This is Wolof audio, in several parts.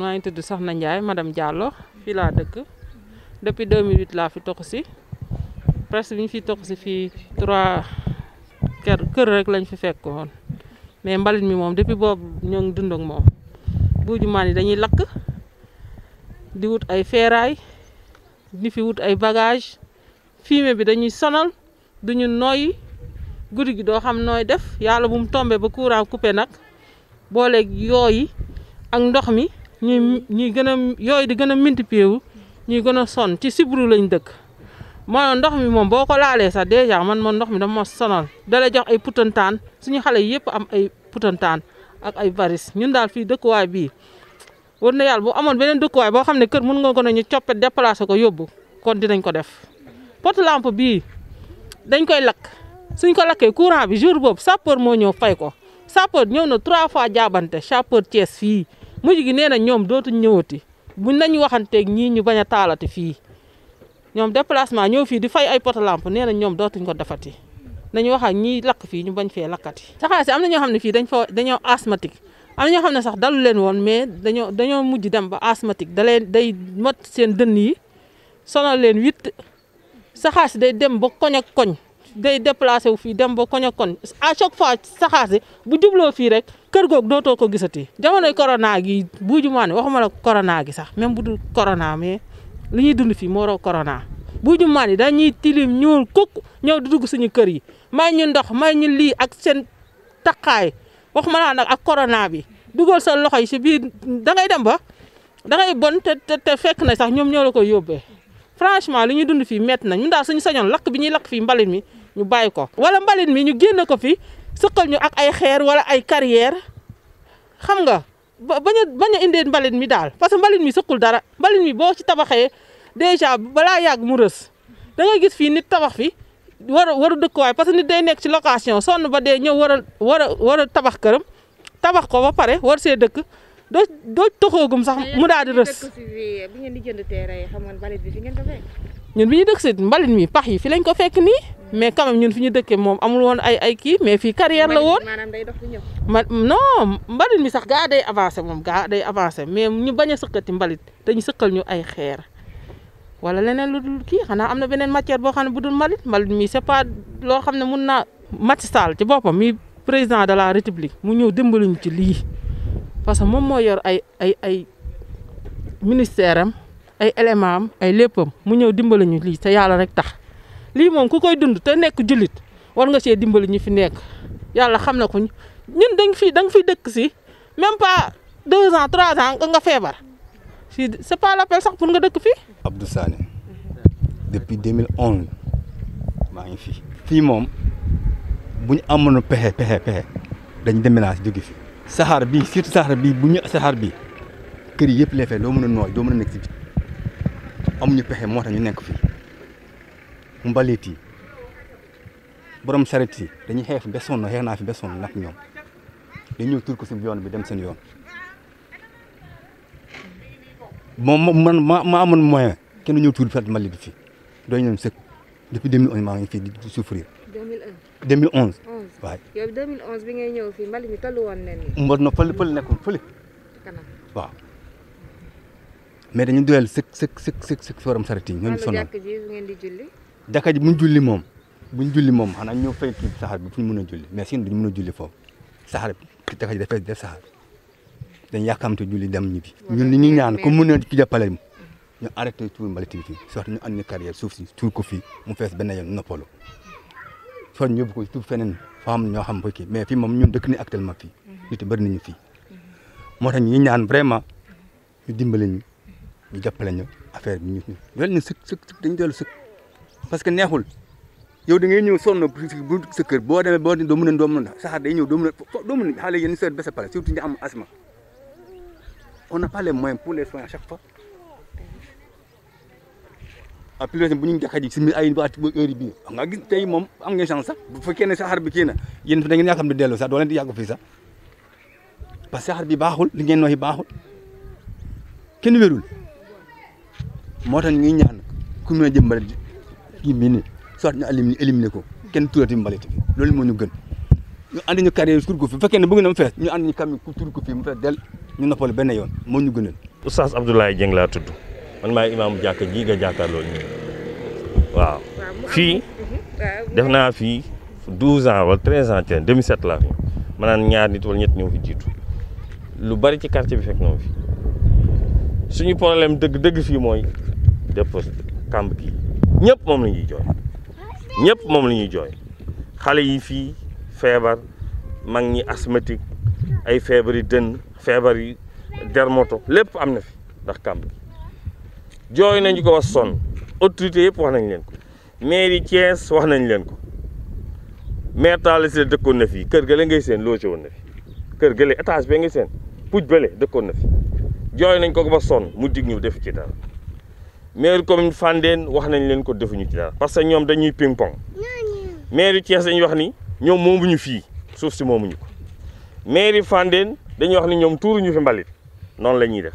maa ngi tudd Soxna Ndiaye madame Diallo fii laa dëkk depuis 2008 laa fi toxu si presque bi ñu fi toxu si fii trois kër rek lañ fi fekk woon mais mbalit mi moom depuis boobu ñoo ngi dund ak moom buuju maan yi dañuy lakk di wut ay feeraay di fi wut ay bagage fumier bi dañuy sonal duñu nooyi guddi gi doo xam nooy def yàlla bu mu tombé ba courant coupé nag booleeg yooyi ak ndox mi ñuy ñuy gën a yooyu di gën a multiplier wu ñuy gën a sonn ci sibru lañ dëkk moo ndox mi moom boo ko laalee sax dèjà man man ndox mi dama ma sonal dala jox ay putantaan suñu xale yëpp am ay putantaan ak ay varis ñun daal fii dëkkuwaay bii war na yàlla bu amoon beneen dëkkuwaay boo xam ne kër mun nga ko ne ñu coppet déplacé ko yóbbu kon dinañ ko def poteau lampe bi dañ koy lakk suñ ko lakkee courant bi jour boobu sapeur moo ñëw fay ko sapeur ñëw na trois fois jaabante sapeur Thiès fii mujj gi nee na ñoom dootuñ ñëwati buñ nañ waxanteeg ñii ñu bañ a taalati fii ñoom déplacement ñëw fii di fay ay poto lampe nee na ñoom dootuñ ko defati nañu wax ñii lakk fii ñu bañ fee lakkati. saxaar si am na ñoo xam ne fii dañ fa dañoo asthmatique am na ñoo xam ne sax dalu leen woon mais dañoo dañoo mujj dem ba asthmatique da day mot seen dënn yi sonal leen witt saxaar si day dem ba koñ ak koñ. day déplacé wu fii dem ba koñ ak koñ si bu jubloo fii rek kër googu dootoo ko gisati jamonoy corona gi bu jumaane waxuma la corona gi sax même bu dul corona mais lu ñuy dund fii moo raw corona bu jumaane dañuy tilim ñuul kukk ñëw di dugg suñu kër yi may ñu ndox may ñu lii ak seen taqaay waxuma laa nag ak corona bi dugal sa loxo yi si biir dangay ngay dem ba da ngay bon te te fekk na sax ñoom ñoo la koy yóbbee franchement li ñuy dund fii métti na ñun daal suñu sañoon lakk bi ñuy lakk fii mbalit mi ñu bàyyi ko wala mbalit mi ñu génn ko fi sëqal ñu ak ay xeer wala ay carrière xam nga ba ba a bañ indee mbalit mi daal parce que mbalit mi sëqul dara mbalit mi boo ci tabaxee déjà balaa yàgg mu rës da nga gis fii nit tabax fi war a war a dëkkuwaay parce que nit day nekk ci location sonn ba dee ñëw war a war a war tabax këram tabax ko ba pare war see dëkk doo doo toxoogum sax mu daal di rës. bi ngeen di jënd terrain yi xam nga bi fi ngeen ko ñun bi ñu dëkk si mbalit mi pax yi fi lañ ko fekk nii mais quand même ñun fi ñu dëkkee moom amul woon ay ki kii mais fii carrière la woon. maanaam day dox di ñëw. ma non mbalit mi sax ga day avancé moom gaa day avancé mais ñu bañ a sëkkati mbalit dañu sëkkal ñu ay xeer wala leneen lu dul kii xanaa am na beneen matière boo xam ne bu dul mbalit mbalit mi c'est pas loo xam ne mun naa Macky Sall ci boppam mi président de la république mu ñëw dimbali ñu ci lii parce que moom moo yor ay ay ay ministère am ay élément ay léppam mu ñëw dimbali ñu lii te yàlla rek tax lii moom ku koy dund te nekk jullit war nga see dimbali ñu fi nekk yàlla xam na ko ñun dañ fi da nga fi dëkk si même pas deux ans trois ans nga feebar si c'est pas l'appel sax pour nga dëkk fi Abdou Sané depuis 2011 maa ngi fi fii moom bu ñu amoon pexe pexe pexe naa déménage jóge fi. saxaar bi surtout saxaar bi bu ñu saxaar bii kër yëpp lay fay doo mën a nooy doo mën a nekk si amuñu pexe moo tax ñu nekk fi mbalit yi borom saret yi dañuy xeex ba sonn xeex naa fi ba sonn nag ñoom dañuy tur ko si yoon bi dem seen yoon moom man ma ma amoon moyen kenn ñëw tur bi fat mbalit bi fii doy ñoom sëkk depuis 2011 maa ngi fii di souffrir. 2011 2011. waaw yow 2011 bi ngay ñëw fii mbalit mi tollu woon na nii. mbar na fële fële nekkul fële. waaw. mais dañu doyal sek sëkk sëkk sëkk sëkk forum sareti ñoo ñu sonal jàkka ji buñ julli moom buñ julli moom xanaa ñoo fay kii saxaar bi fu ñu mën a julli mais sin duñu mën a julli foofu saxaar bi jàkka ji dafay def saxaar dañ julli dem ñun li ñuy ñaan comme mu ne ki jàppale ñu arrêté tuur mbalit yi fii soit ñu suuf si tuur ko fii mu fees benn yoon noppalu soit ñu yóbbu ko tuur feneen foo xam ñoo xam ko kii mais fii moom ñun dëkk ni actuellement fii mhm. nit yi moo tax ñu ñaan vraiment ñu dimbale ñu ñu jàppale ñu affaire bi ñu wel ñu sëkk sëkk dañu dellu sëkk parce que neexul yow da ngay ñëw sonn bu sa kër boo demee boo doo mën a doo mën a saxaar day ñëw doo mën a doo mën a xale yéen seen bés a pare surtout ñu am n'a pas les moyens les soins à chaque fois ah plus bu ñu jaxee ji si mi ay waat heure bii xam nga gis tey moom am nga chance sax bu fekkee ne saxaar bi kii na yéen dañu ngeen yaa xam ne dellu sax doo leen di yàgg fii parce que saxaar bi baaxul li ngeen nooyi baaxul kenn wérul moo tax ñuy ñaan ku mën a jël mbalit kii bii soit ñu éliminer ko kenn tuurati mbalit loolu moo ñu gën ñu ànd ñu carrière tur ko fi bu fekkee ne bëgg na mu fees ñu ànd ñu camion ku tur ko fii mu fees del ñu noppal benn yoon moo ñu gënal. Oustaz Abdoulaye Dieng laa tudd man maay imaamu jàkka ji nga jàkkaarloo ñu waaw. fii def naa fii 12 ans wala 13 ans ci 2007 laa fi ma naan ñaar nit wala ñett ñoo fi jiitu lu bari ci quartier bi fekk na fi suñu dëgg-dëgg fii mooy. déposé kàmb gi ñëpp moom la ñuy jooy ñëpp moom la ñuy jooy xale yi fii feebar mag ñi asthmatique ay feebar yi dënn feebar yi dermoto lépp am na fi ndax kàmb gi jooy nañu ko wax sonn autorité yëpp wax nañ leen ko mairie Thiès wax nañ leen ko maire Talla Sylla dëkkoon na fi kër gële ngay seen logé woon na fi kër gële étage bee ngay seen puj bële dëkkoon na fi jooy nañ ko ba sonn mu dig ñu def ci dara maire commune Fandène wax nañ leen ko defuñu ci dara parce que ñoom dañuy ping pong maire Thiès dañuy wax ni ñoom moomuñu fii suuf si moomuñu ko maire Fandène dañuy wax ni ñoom tuuruñu fi mbalit noonu la ñuy def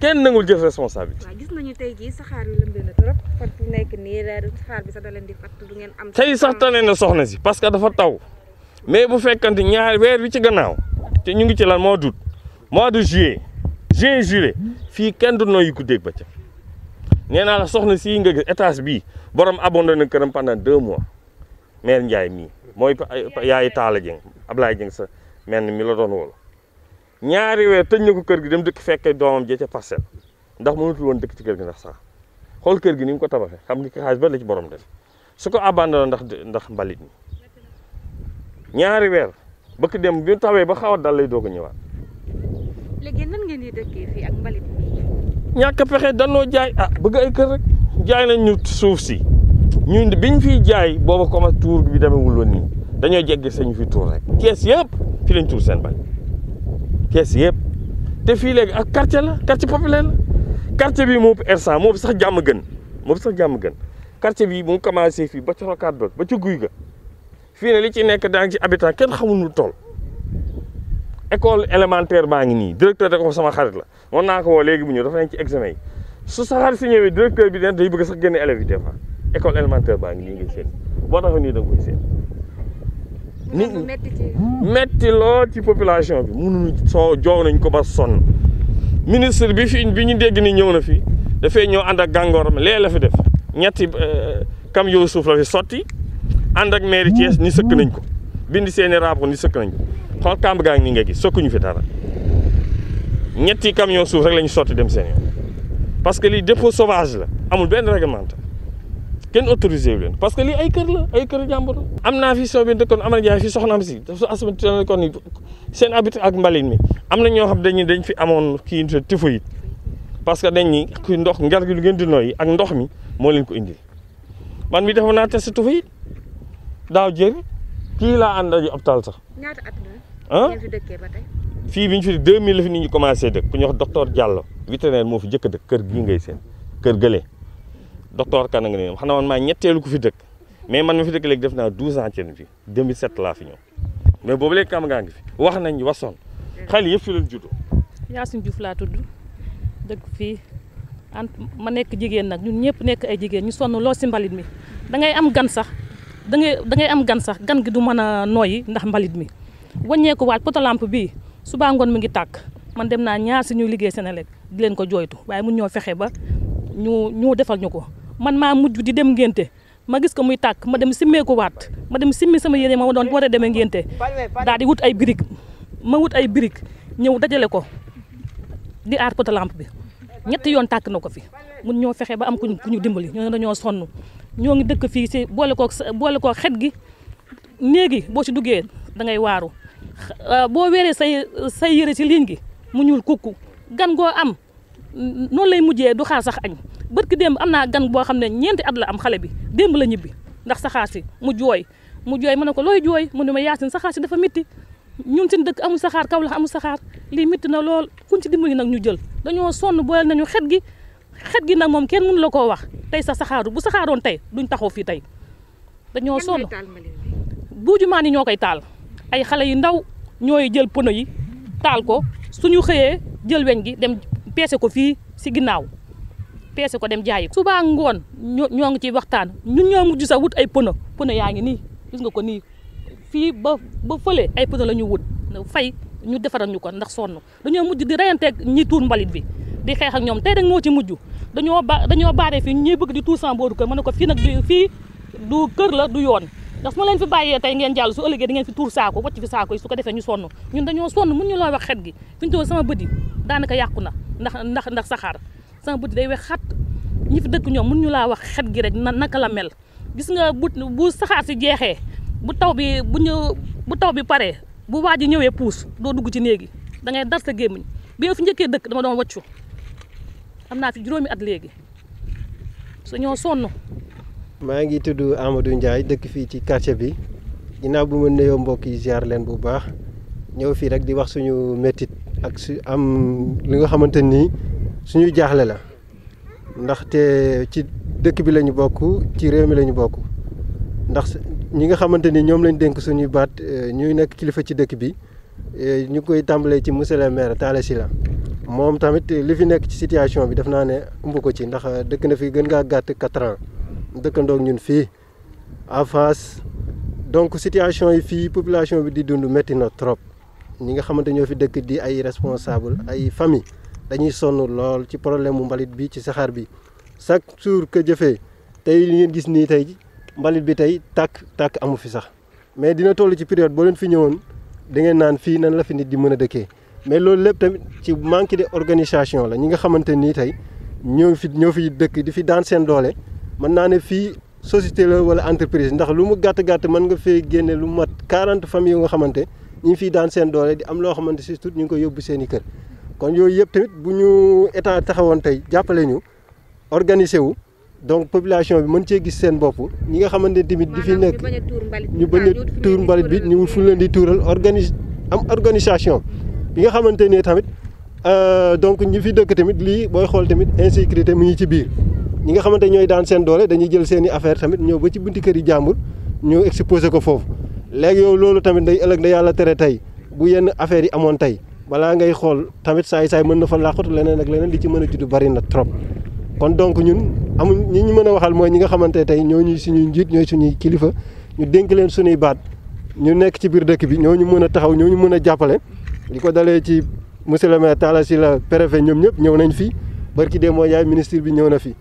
kenn nangul jëf responsabilité. waaw gis nañu tey jii saxaar yu lëmbee na trop fat bu nekk nii saxaar bi ngeen am. tey sax tane na soxna si parce que dafa taw mais bu fekkante ñaar weer bi ci gannaaw te ñu ngi ci lan mois d'août mois de juillet juin juillet fii kenn du noyyi guddeeg bëccëg nee naa la soxna sii nga gis étage bii borom abandonné këram pendant deux mois mère Ndiaye mii mooy yaay Talla Dieng Ablaye Dieng sa menn mi la doon wol ñaari weer tëj na ko kër gi dem dëkk fekke doomam ja ca parcelle ndax mënatul woon dëkk ci kër gi ndax sax xool kër gi ni ko tabaxee xam nga xaalis ba la ci borom def su ko abandonné ndax ndax mbalit mi ñaari weer bëkk dem bi tawee ba xaw a dal lay doog a ñëwaat. ñàkk pexe danoo jaay ah bëgg ay kër rek jaay nañ ñu suuf si ñun biñ fiy jaay booba comme tuur bi demewul woon nii dañoo jegge sañu fi tuur rek kees yëpp fi lañ tuur seen bañ kees yëpp te fii léegi ak quartier la quartier populaire la quartier bii moo ëpp R100 moo sax jàmm gën moo sax jàmm gën quartier bii mu commencé fii ba ci rokaat ba ci guy ga fii ne li ci nekk daa ngi ci habitant kenn xamul lu toll école élémentaire baa ngi nii directeur da ko sama xarit la mën naa ko woo léegi bu ñëw dafa nañ ci examen yi su sa xarit si ñëwee directeur bi den day bëgg sax génne élèves yi des fois école élémentaire baa ngi nii ngay seen boo taxaw da nga koy seen ci population bi mënuñu soo joow nañ ko ba sonn ministre bi fi bi ñu dégg ni ñëw na fi dafay ñëw ànd ak gàngooram lee la fi def ñetti kam euh, yow suuf la fi ànd ak mairie Thiès ni sëkk nañ ko bindi seeni rapport ni sëkk nañ ko xool kàmb gaa ngi nii nga gis sokkuñu fi dara ñetti camion suuf rek la ñu sotti dem seen yoon parce que lii dépôt sauvage la amul benn réglementaire kenn autorisé wu leen parce que lii ay kër la ay kër jàmbur am naa fi soo benn dëkkoon Amady Ndiaye fi soxnaam si dafa asma kon ni seen habitude ak mbalit mi am na ñoo xam dañuy dañ fi amoon kii typhoïde parce que dañ ni ndox ngar gi lu ngeen di noyyi ak ndox mi moo leen ko indi man mi defoon naa test typhoïde daaw jëri kii laa ànd ak sax. ah fii bi ñu fi 2000 la fi nit ñi commencé dëkk ku ñuy wax docteur Diallo vétérinaire moo fi jëkk a dëkk kër gii ngay seen kër gële docteur Kana nga ne xam na woon maa ñetteelu ku fi dëkk mais man ma fi dëkk léegi def naa 12 ans ceen fi 2007 laa fi ñëw boobu léegi kam ngaa ngi fi wax nañ wasoon xale yëpp fi leen juddoo Yacine Diouf laa tudd dëkk fii ant ma nekk jigéen nag ñun ñëpp nekk ay jigéen ñu sonn lool si mbalit mi da ngay am gan sax da ngay da am gan sax gan gi du mën a nooyi ndax mbalit mi wàññeeku waat poto bi bii suba ngoon mi ngi tàkk man dem naa ñaar si ñuy liggéey Senelec di leen ko jooytu waaye mun ñoo fexe ba ñu ñu defal ñu ko man maa mujj di dem ngénte ma gis ko muy tàkk ma dem simmeeku waat ma dem simmi sama yére ma doon war a demee ngénte daal di wut ay birig ma wut ay birig ñëw dajale ko di aar poto lampe bi ñetti yoon tàkk na ko fi mun ñoo fexe ba am ku ñu dimbali ñoo dañoo sonn ñoo ngi dëkk fii si boole kook xet gi néegi boo si duggee da ngay waaru euh, boo weeree say say yëre ci ligne gi mu ñuul gan goo am noonu lay mujjee du xaar sax añ bët ki démb am naa gan boo xam ne ñeenti at la am xale bi démb la ñibbi ndax saxaar si mu jooy mu ne ko looy jooy mu ne ma yaasin saxaar si dafa métti ñun seen dëkk amul saxaar kaw la amul saxaar lii métti na lool kuñ ci nag ñu jël dañoo sonn nañu xet gi xet gi nag moom kenn mënu la koo wax tey sa saxaaru bu saxaaroon tey duñ taxaw fii tey dañoo sonn buujumaan yi ñoo koy taal ay xale yu ndaw ñooy jël pono yi taal ko su ñu xëyee jël weñ gi dem peese ko fii si ginnaaw peese ko dem jaayi ko subaa ngoon ñoo ngi ciy waxtaan ñu ñoo mujj sax wut ay pono pono yaa ngi nii gis nga ko nii fii ba ba fële ay pono la ñu wut fay ñu defaral ñu ko ndax sonn dañoo mujj di reyanteeg ñi tuur mbalit bi di xeex ak ñoom tey rek moo ci mujj dañoo ba dañoo baaree fii ñuy bëgg di tuur sans booru kër mën ne ko fii nag fii du kër la du yoon ndax su ma leen fi bàyyee tey ngeen jàll su ëllëgee da ngeen fi tuur saako wacc fi saako su ko defee ñu sonn ñun dañoo sonn mun ñu looy wax xet gi fi ñu toog sama bët yi yàqu na ndax ndax ndax saxaar sama bët day wex xat ñi fi dëkk ñoom ñu laa wax xet gi rek na naka la mel gis nga bu bu saxaar si jeexee bu taw bi bu ñu bu taw bi paree bu waa ji ñëwee puus doo dugg ci néegi da ngay dar sa gémmiñ bi fi njëkkee dëkk dama doon waccu am naa fi juróomi at léegi su ñoo sonn maa ngi tudd Amadou Ndiaye dëkk fii ci quartier bi ginnaaw bu ma nuyoo mbokk yi ziar leen bu baax ñëw fii rek di wax suñu métit ak su am li nga xamante ni suñu jaaxle la ndaxte ci dëkk bi lañu bokk ci réew mi lañu bokk ndax ñi nga xamante ni ñoom lañ dénk suñuy baat eh, ñuy nekk kilifa ci dëkk bi eh, ñu koy tàmbalee ci monsieur le maire Talla Sylla moom tamit li fi nekk ci situation bi def naa ne umb ko ci ndax dëkk na fi gën ngaa gàtt quatre dëkkandoog ñun fii à face donc situation yi fii population bi di dund métti na trop ñi nga xamante ñoo fi dëkk di ay responsable ay famille dañuy sonn lool ci problème mu mbalit bi ci saxaar bi chaque jour que jëfee tey li ngeen gis nii tey mbalit bi tey tàkk tàkk amu fi sax mais dina toll ci période boo leen fi ñëwoon da ngeen naan fii nan la fi nit di mën a dëkkee mais loolu lépp tamit ci manque de organisation la ñi nga xamante nii tey ñoo fi ñoo fi dëkk di fi daan seen doole mën naa ne fii société la wala entreprise ndax lu mu gàtt gàtt mën nga fee génne lu mat quarante famille yu nga xamante ñi fi daan seen doole di am loo xamante si tout ñu ngi koy yóbbu seen i kon yooyu yëpp bu ñu état taxawoon tey jàppale ñu organiser wu donc population bi mën cee gis seen bopp ñi nga xamante tamit di fi nekk ñu bañ a mbalit bi ñu wut fu leen di tuural organise am organisation bi nga xamante ne tamit euh, donc ñu fi dëkk tamit lii booy xool tamit insécurité mu ngi ci biir. ñi nga xamante ñooy daan seen doole dañuy jël seeni i tamit ñëw ba ci bunti kër yi jàmbur ñu exposé ko foofu léegi yow loolu tamit day ëllëg da yàlla tere tey bu yenn affaires yi amoon tey balaa ngay xool tamit saay saay mën na fa làqatu leneen ak leneen li ci mën a juddu bari na trop kon donc ñun amul ñi ñu mën a waxal mooy ñi nga xamante tey ñoo ñu suñuy njiit ñooy suñuy kilifa ñu dénk leen suñuy baat ñu nekk ci biir dëkk bi ñoo ñu mën a taxaw ñoo ñu mën a jàppale li ko dalee ci monsieur le maire Talla Sylla préfet ñoom ñëpp ñëw nañ fi barki dee moo yaay ministre bi ñëw na fi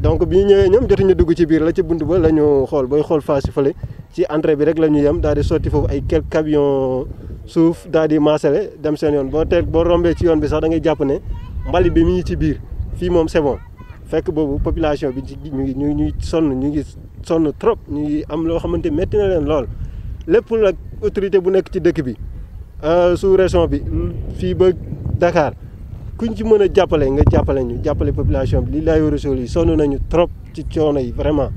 donc bi ñu ñëwee ñoom ñu dugg ci biir la ci bunt ba la ñu xool booy xool face yi fële ci entrée bi rek la ñu yem daal di sotti foofu ay quelques camions suuf daal di maasale dem seen yoon boo teel boo rombee ci yoon bi sax da ngay jàpp ne mbalit bi mi ngi ci biir fii moom c'est fekk boobu population bi ñu ngi ñu ngi sonn ñu ngi sonn trop ñu ngi am loo xamante metti na leen lool lépp nag autorité bu nekk ci dëkk bi euh, su région bi fii ba dakaar kuñ ci mën a jàppale nga jàppale ñu jàppale population bi li laay war a nañu trop ci coono yi vraiment